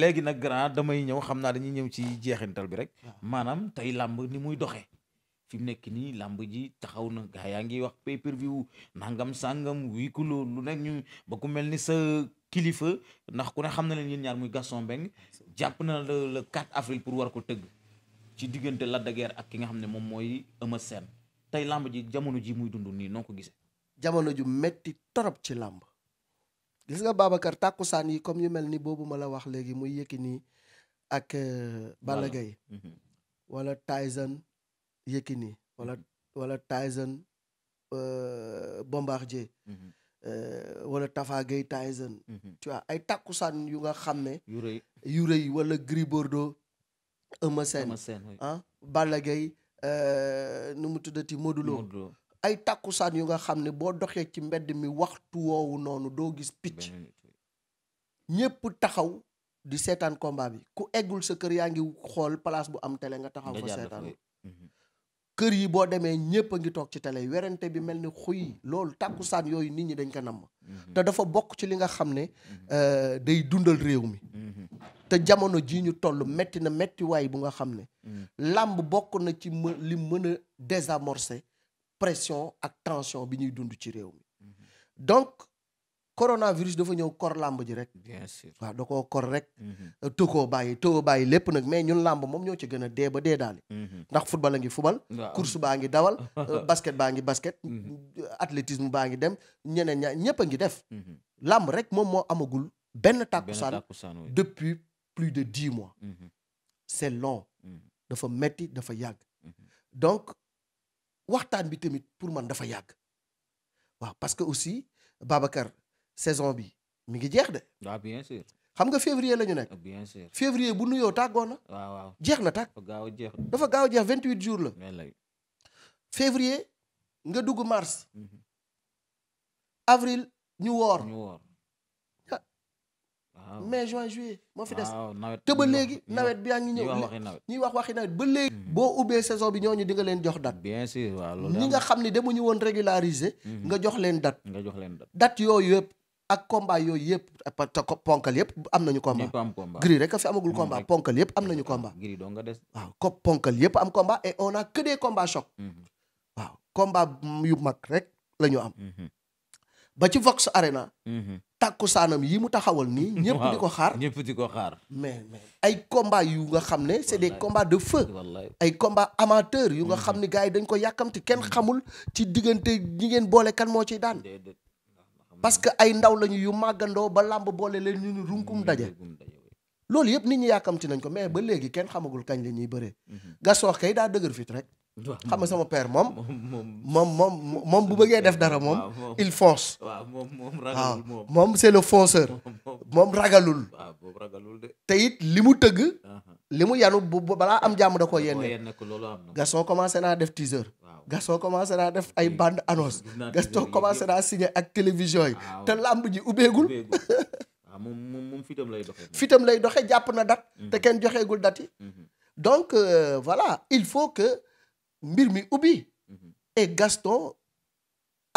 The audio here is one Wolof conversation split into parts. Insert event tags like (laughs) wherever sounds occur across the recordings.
léegi nag grand damay ñëw xam naa dañuy ñëw ci jeexintal bi rek maanaam tey làmb ni muy doxee fi mu nekk nii làmb ji taxaw na gaa yaa ngi wax pay per nangam sàngam wii kuloo lu nekk ñu ba mel ni sa kilifa ndax ku ne xam na leen yéen ñaar muy Gaston Mbengue jàpp na le le 4 pour war ko tëgg ci diggante la de ak ki nga xam ne moom mooy Eumeu Sène tey làmb ji jamono ji muy dund nii noo ko gisee. jamono ju metti torop ci làmb gis nga Babacar tàkkusaan yi comme yu mel ni boobu ma la wax léegi muy Yékini ak euh, Balla Gaye mhm. wala Tyson Yékini wala mhm. wala Tyson euh, Bombardier mhm. euh, wala Tafa Gueye Tyson tu vois ay takusaan yu nga xam ne yu rëy wala Gris Bordeaux Eumeu Sène ah Balla Gaye nu mu tuddati Modou Lo ay tàkkusaan yu nga xam ne boo doxee ci mbedd mi waxtu woowu noonu doo gis picc ñépp taxaw di seetaan combat bi ku eggul sa kër yaa ngi xool place bu am tele nga taxaw fa seetaan mhm. kër yi boo demee ñépp a ngi toog ci tele werante bi mel ni xuy loolu tàkkusaan yooyu nit ñi dañ ko namm mhm. te dafa bokk ci li nga xam ne mhm. euh, day dundal réew mi te jamono jii ñu toll metti na metti waay bu nga xam ne làmb bokk na ci li mën a désamorcer pression ak tension bi ñuy dund ci réew mi mhm. donc coronavirus dafa ñëw kor làmb ji rek. waa sûr waaw da koo kor rek. Mhm. Euh, too koo bàyyi too bàyyi lépp nag mais ñun làmb moom ñoo ci gën a dee ba dee daale. Mhm. ndax football a ngi fubal. course baa ngi dawal. (laughs) Euh, basket baa ngi basket. athlétisme baa ngi dem ñeneen ña ñëpp a ngi def. làmb rek moom moo amagul benn tàkkusaan depuis plus de dix mois. c'est long. dafa metti dafa yàgg waxtaan bi tamit pour man dafa yàgg waaw parce que aussi Babacar saison bi mu ngi jeex de. waaw bien sûr. xam nga février la ñu nekk. Ah, bien sûr février bu nuyoo tàggoo na. waaw waaw jeex na tàgg. dafa gaaw a jeex vingt huit jours la. février nga dugg mars. Mhm. avril ñu woor ñu woor. mai juin moo fi des te léegi nawet bi yaa ngi ñëw ñuy wax waxi nawet ba léegi hmm. boo ubbee saison bi ñooñu di nga leen jox date bien sûr waaw loolu ñi nga xam ne demuñu woon régulariser hmm. nga jox leen date nga jox leen date date yooyu yëpp ak combat yooyu yëpp ponkal yëpp am nañu combat gris rek a fi amagul combat ponkal yëpp am nañu combat gris doo nga des waaw ko ponkal yëpp am combat et on a que des combats hmm. waaw combat yu mag rek la ñu am ba ci Vox Arena. Mhm. tàkku saanam yi mu taxawal nii. (laughs) ñëpp di ko xaar ñëpp di mais ay combats yu nga xam ne c'est des combats de feu. ay combats amateurs yu nga mhm. xam ne gars yi dañ ko yàkkamti kenn mhm. xamul ci diggante ñi ngeen boole kan moo ci daan. parce que ay ndaw lañu yu màggandoo ba làmb boole leen ñu ñu runkum daje. loolu yëpp nit ñi yàkkamti nañ ko mais ba léegi kenn xamagul kañ la ñuy bëree. gasoox kay daa dëgër fit rek. xam nga sama père moom. moom moom moom bu bëggee def dara moom. il fonce. waaw moom moom ragalul moom moom c'est le fonceur. moom ragalul. te it li mu tëgg. li mu yanu bu balaa am jàmm da ko yenn Gaston commencé naa def teaser. Gaston commencé naa def ay bande annonce. Gaston commencé naa signé ak télévision yi. te làmb ji ubbeegul. (laughs) waaw moom moom fitam lay doxee. fitam lay doxee jàpp na dat. te mhm. kenn joxeegul dat mhm. donc euh, voilà il faut que. mbir mi ubbi. Mhm. et Gaston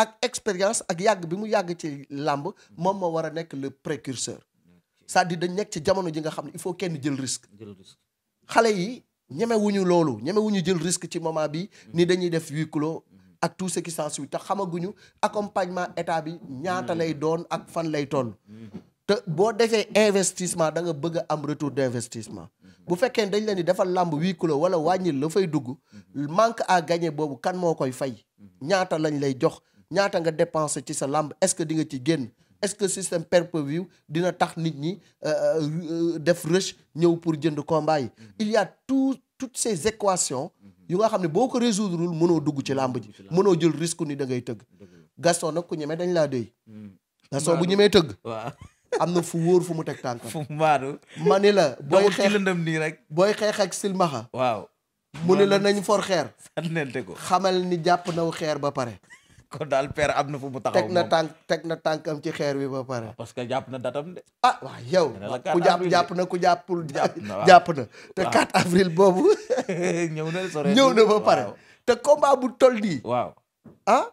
ak expérience ak yàgg bi mu yàgg ci làmb mhm. moom moo war a nekk le précurseur c'est-à-dire dañ nekk ci jamono ji nga xam ne il faut kenn jël risque. jël risque xale yi ñemewuñu loolu ñemewuñu jël risque ci moment bi mhm. ni dañuy def huis clos ak tout ce qui s'ensuit te xamaguñu accompagnement état bi ñaata lay doon ak fan lay toll. te boo defee investissement da nga bëgg a am retour d'investissement. bu fekkee dañ leen ni defal làmb huis clos wala wàññil la fay dugg manque à gagner boobu kan moo koy fay ñaata lañ lay jox ñaata nga dépenser ci sa làmb est-ce que di nga ci génn est-ce que système pay-per-view dina tax nit ñi euh, euh, def rush ñëw pour jënd combat yi mm-hmm. il y a tout toutes ces équations mm-hmm. yu nga xam ne boo ko résoudreul mënoo dugg ci làmb ji mënoo jël risque ni dangay tëgg Gaston nag ku ñemee dañ laa déy mm. Gaston bu ñemee tëgg am na fu wóor fu mu teg tànkam. fu mu maanu. ni la booy xeex lëndëm nii rek. booy xeex silmaxa. waaw. mu la nañ for xeer. sànnente ko xamal ni jàpp wu xeer ba pare. (laughs) kon daal per am na fu mu taxaw na tànk teg na tànkam ci xeer bi ba pare. parce que jàpp na datam ah, yow. ku jàpp na ku jàppul. (laughs) jàpp na boobu. (laughs) ñëw na sore ñëw ba pare. te combat bu tol nii. waaw ah,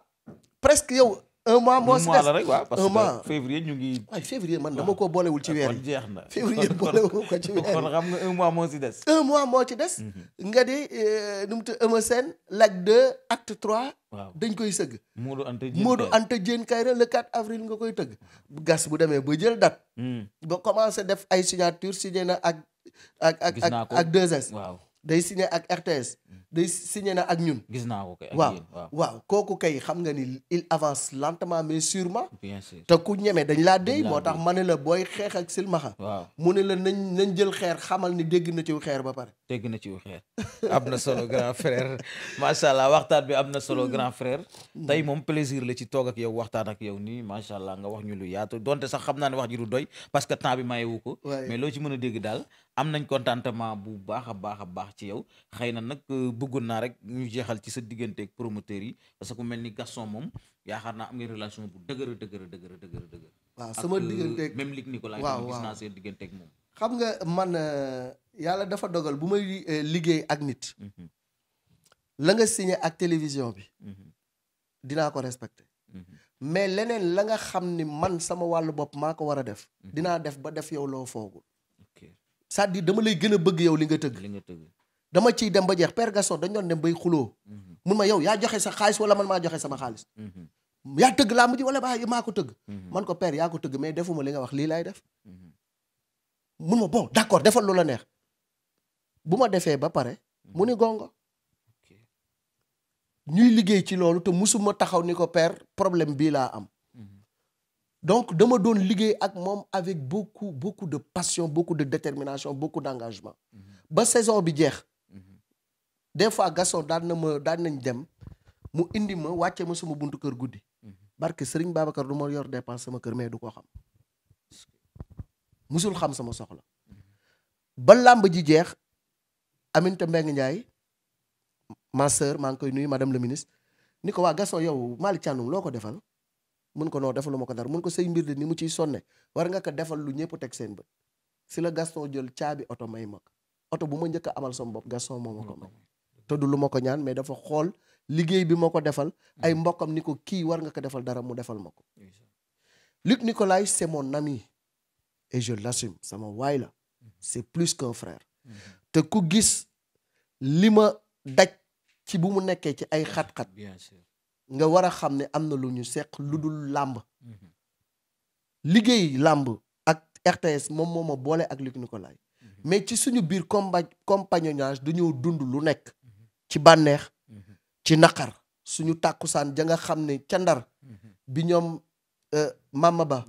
presque yow un mois moo si rek waaw que février ñu ngi. waaw février man dama koo boolewul ci weer jeex na février (laughs) boolewul ko ci weer nga moo si des. mois moo ci des. Mhm. nga di euh, nu mu tudd Eumeu Sène Lac 2 acte trois waaw dañ koy sëgg. Modou Anta Diène Modou Anta Diène Kaïré le 4 avril nga koy tëgg. gas bu demee ba jël dat hmm. ba commencé def ay signature signé na ak. ak ak ak 2S. waaw day signé ak RTS. Hmm. day signé na ak ñun. gis naa ko kay waaw waaw kooku kay xam nga ni il avance lentement mais sûrement. bien sûr te ku ñeme dañ laa dey moo tax ma ne la booy xeex ak silmaxa. waaw mu ne la nañ nañ jël xeer xamal ni dégg na ci xeer ba pare. dégg na ci xeer (laughs) am na solo grand frère macha allah waxtaan bi am na solo grand frère tey moom plaisir la ci toog ak yow waxtaan ak yow nii macha allah nga wax ñu lu yaatu donte sax xam naa ne wax ji du doy parce que temps bi mayewu ko loo ci mën a dégg daal am nañ contentement bu baax a baax a baax ci yow xëy na nag euh, bëggoon naa rek ñu jeexal ci sa diggante ak promoteurs yi parce mel ni Gaston moom yaakaar naa am nga relation bu dëgër dëgër dëgër dëgër dëgër waaw sama euh, digganteeg même Luc Nicolaï waaw gis naa seen digganteeg moom xam nga man euh, yàlla dafa dogal bu may eh, liggéey ak nit mhm. la nga signé ak télévision bi mhm. dinaa ko respecté mhm. mais leneen la nga xam ni man sama wàllu bopp maa ko war a def dinaa def ba def yow loo foogul okay. cest dama lay gën a bëgg yow li nga tëgg dama ciy dem ba jeex père Gaston dañ doon dem bay xuloo mun ma yow yaa joxe sa xaalis wala man maa joxe sama xaalis yaa tëgg laa mujj walla baa maa ko tëgg man ko père yaa ko tëgg mais defuma li nga wax lii lay def mun ma bon d'accord defal lu neex bu ma defee ba pare mu ni mhm. gongo ñuy liggéey ci loolu te musuma taxaw ni ko per problème bii laa am mhm. donc dama doon liggéey ak moom avec beaucoup beaucoup de passion beaucoup de détermination beaucoup d'engagement mhm. ba saison bi jeex des fois Gaston daan na ma daan nañ dem mu indi ma wàcce ma suma buntu kër guddi barke Serigne Babacar du ma yor dépense sama kër mais du koo xam musul xam sama soxla ba làmb ji jeex Aminata Mbengue Ndiaye ma sœur maa ngi koy nuyu madame le ministre ni ko waa Gaston yow Malick Thiandoum loo ko defal mun ko noo defaluma ko dara mun ko say mbir ni mu ciy sonne war nga ko defal lu ñëpp teg seen bët si la Gaston jël caabi oto may mag oto bu ma njëkk a amal som bopp Gaston moo ma te du lu ma ko ñaan mais dafa xool liggéey bi ma ko defal ay hmm. mbokkam ni ko kii war nga ko defal dara mu defal ma ko Luc Nicolaï c'est mon ami et je l'assume sama waay la hmm. c'est plus qu'un frère hmm. te ku gis li ma daj ci bu mu nekkee ci ay xat-xat nga war a xam ne am na lu ñu seq lu dul làmb mhm. liggéey làmb ak RTS moom moo ma boole ak Luc Nicolaï mhm. mais ci suñu biir compa du ñëw dund lu nekk mhm. ci bànneex ci naqar suñu tàkkusaan ja nga xam ne ca ndar bi ñoom euh, Mama Ba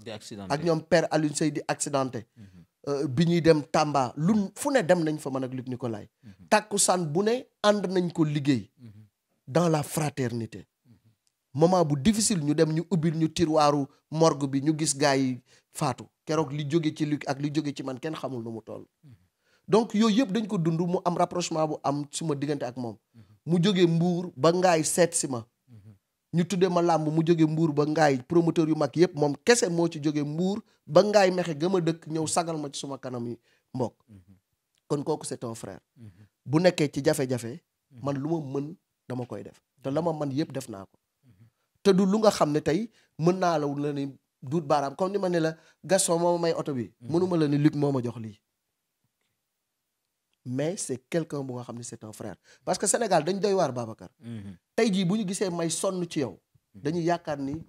ak ñoom père Alioune Seye di accidenté Euh, bi ñuy dem Tamba lu fu ne dem nañ fa man ak Luc mhm. takku tàkkusaan bu ne ànd nañ ko liggéey mhm. dans la fraternité moment bu difficile ñu dem ñu ubbil ñu tiroiru morgue bi ñu gis gaa yi faatu keroog li jóge ci li ak li jóge ci man kenn xamul nu mu toll mhm. donc yooyu yëpp dañ ko dund mu am rapprochement bu am suma diggante ak moom mu jóge Mbuur ba ngaay seet si ma ñu tuddee ma làmb mu jóge mbuur ba ngaay promoteur yu mag yëpp moom kese moo ci jóge mbuur ba ngaay mexe gëma dëkk ñëw sagal ma ci suma kanam yi mbokk mm-hmm. kon kooku c'est ton frère mm-hmm. bu nekkee ci jafe-jafe mm-hmm. man lu ma mën dama koy def te la ma man yëpp def naa ko te du lu nga xam ne tey mën naa la la ni duut baaraam comme ni ma ne la Gaston moo ma may oto bi mënuma la ni Luc moo ma jox lii mais c' est quelqu'un bu nga xam ne c' est un frère parce que Sénégal dañ doy waar Babacar. Mhm. tey jii bu ñu gisee may sonn ci yow. Mhm. dañuy yaakaar ni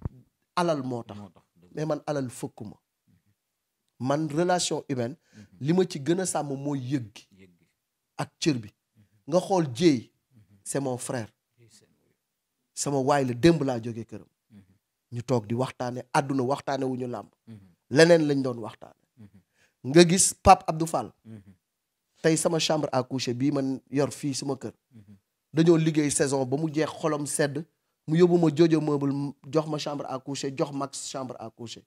alal moo tax. mais man alal fëkkuma man relation humaine mhm. li ma ci gën a sàmm mooy yëg gi ak cër bi nga xool jéey c' est mon frère sama waay la démb laa jógee këram ñu toog di waxtaane àdduna waxtaane wu ñu làmb leneen lañ doon waxtaane nga gis Pape Abdou Fall tey sama chambre à coucher bii man yor fii suma kër dañoo liggéey saison ba mu jeex xolom sedd mu yóbbu ma jojo meuble jox ma chambre à coucher jox max chambre à coucher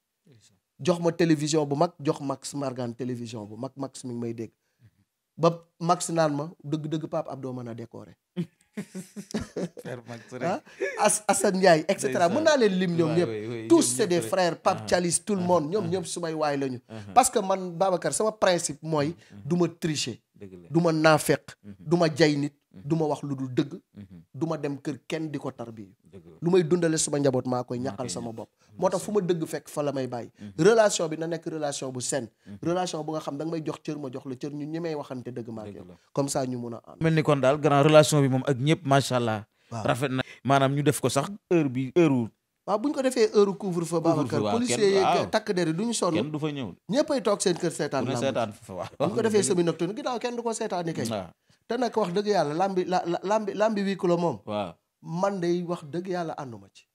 jox ma télévision bu mag jox max margan télévision bu mag max mi ngi may dégg ba max naan ma dëgg-dëgg Pape Abdou mën a décorer (laughs) frère Max As et cetera mën naa leen lim ñoom ñëpp tous c'est des frères Pape Thialis tout le monde ñoom ñëpp sumay waay lañu parce que man Babacar sama principe mooy mhm. du ma tricher du ma naafeq mhm. du ma jay nit mhm. duma wax lu dul dëgg du dem kër kenn di ko tarbiyu lu may dundale suma njaboot maa koy ñaqal sama bopp moo tax fu ma dëgg fekk fa la may bàyyi mm-hmm. relation bi na nekk relation bu seen mm-hmm. relation bu nga xam da nga may jox cër ma jox la cër ñu may waxante dëgg maa yow comme ça ñu mel ni kon daal grand relation bi moom ak ñëpp macha allah rafet na maanaam ñu def ko sax heure bi heure waaw bu ñu ko defee heure couvre feu Babacar policier yi takk der yi du ñu sonn kenn du fa ñëw ñëppay toog seen kër seetaan seetaan fa bu ñu ko defee semi nocturne ginnaaw kenn du ko seetaani kay te nag wax dëgg yàlla lambi la lambi lambi huis clos moom man dey wax dëgg yàlla ànduma ci.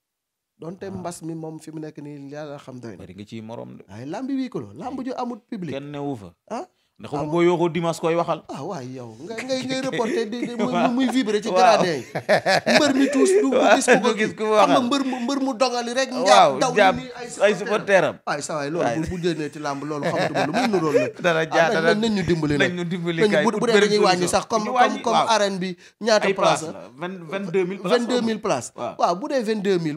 donte ah. mbas mi moom fi mu nekk nii yàlla xam doy na. bari nga ciy moroom de. ay lamb wii ko la lamb ju amut public. kenn fa ah. ndax moom boo yoo ko ah, dimanche koy waxal. ah waay yow ngay ngay ngay reporté di (laughs) muy vibré ci gradin mbër mi tuus du (laughs) gis ko gis ko waxal xam nga mbër mu mbër mu dogali rek. njaab sa waay loolu bu jëlee ci làmb loolu xamatuma lu muy nuróol nag. (laughs) dara la. vingt mille places vingt deux mille places. waaw bu dee vingt deux mu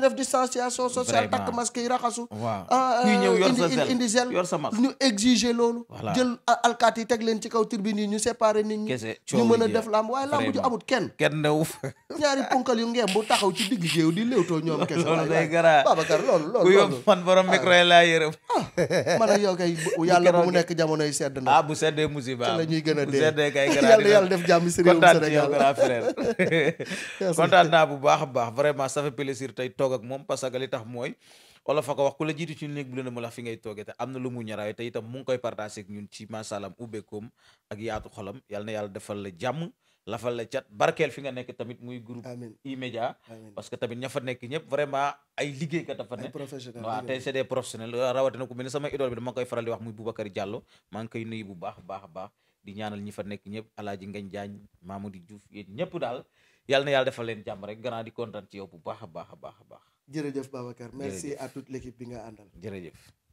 def distanciation sociale takk masque yi raxasu. waaw ah, kuy ñëw yor sa sel indi sel yor sa masque ñu exiger loolu. jël alkaati yi teg leen ci kaw tribune yi ñu séparer nit ñi. ñu mën a def lamb waaye lamb ju amut kenn. kenn newu ñaari ponkal yu ngeem bu taxaw ci digg géew di léewtoo ñoom. kese loolu day gara Babacar loolu loolu. man borom ah. micro yi laa yërëm. Ah. man ak yow kay (laughs) yàlla bu mu nekk jamonoy sedd na. ah bu seddee musiba am la ñuy gën a dee bu seddee kay gara (laughs) yàlla def jàmm si réewum Sénégal (laughs) kontaan naa bu baax a baax vraiment ça fait plaisir tey toog ak moom parce que li tax mooy wala fa ko wax ku la jiitu ci néeg bu leen mu la fi ngay toogee te am na lu mu ñaraay te itam mu ngi koy partagé ak ñun ci masalam ubbeekoom ak yaatu xolam yal na yàlla defal la jàmm lafal la cat barkeel fi nga nekk tamit muy groupe E-Media parce que tamit ña fa nekk ñëpp vraiment ay liggéeykat dafa ne waaw tey c'est des sama idole bi dama koy di wax muy Boubacar Diallo maa koy nuyu bu baax baax baax di ñaanal ñi fa nekk ñëpp alaaji Ngañ Jaañ Mamadou Diouf yéen ñëpp daal yàlla na yàlla defal leen jàmm rek grand di kontaan ci yow bu baax a baax a baax a baax. jërëjëf Babacar merci à toute l'équipe bi nga àndal jërëjëf.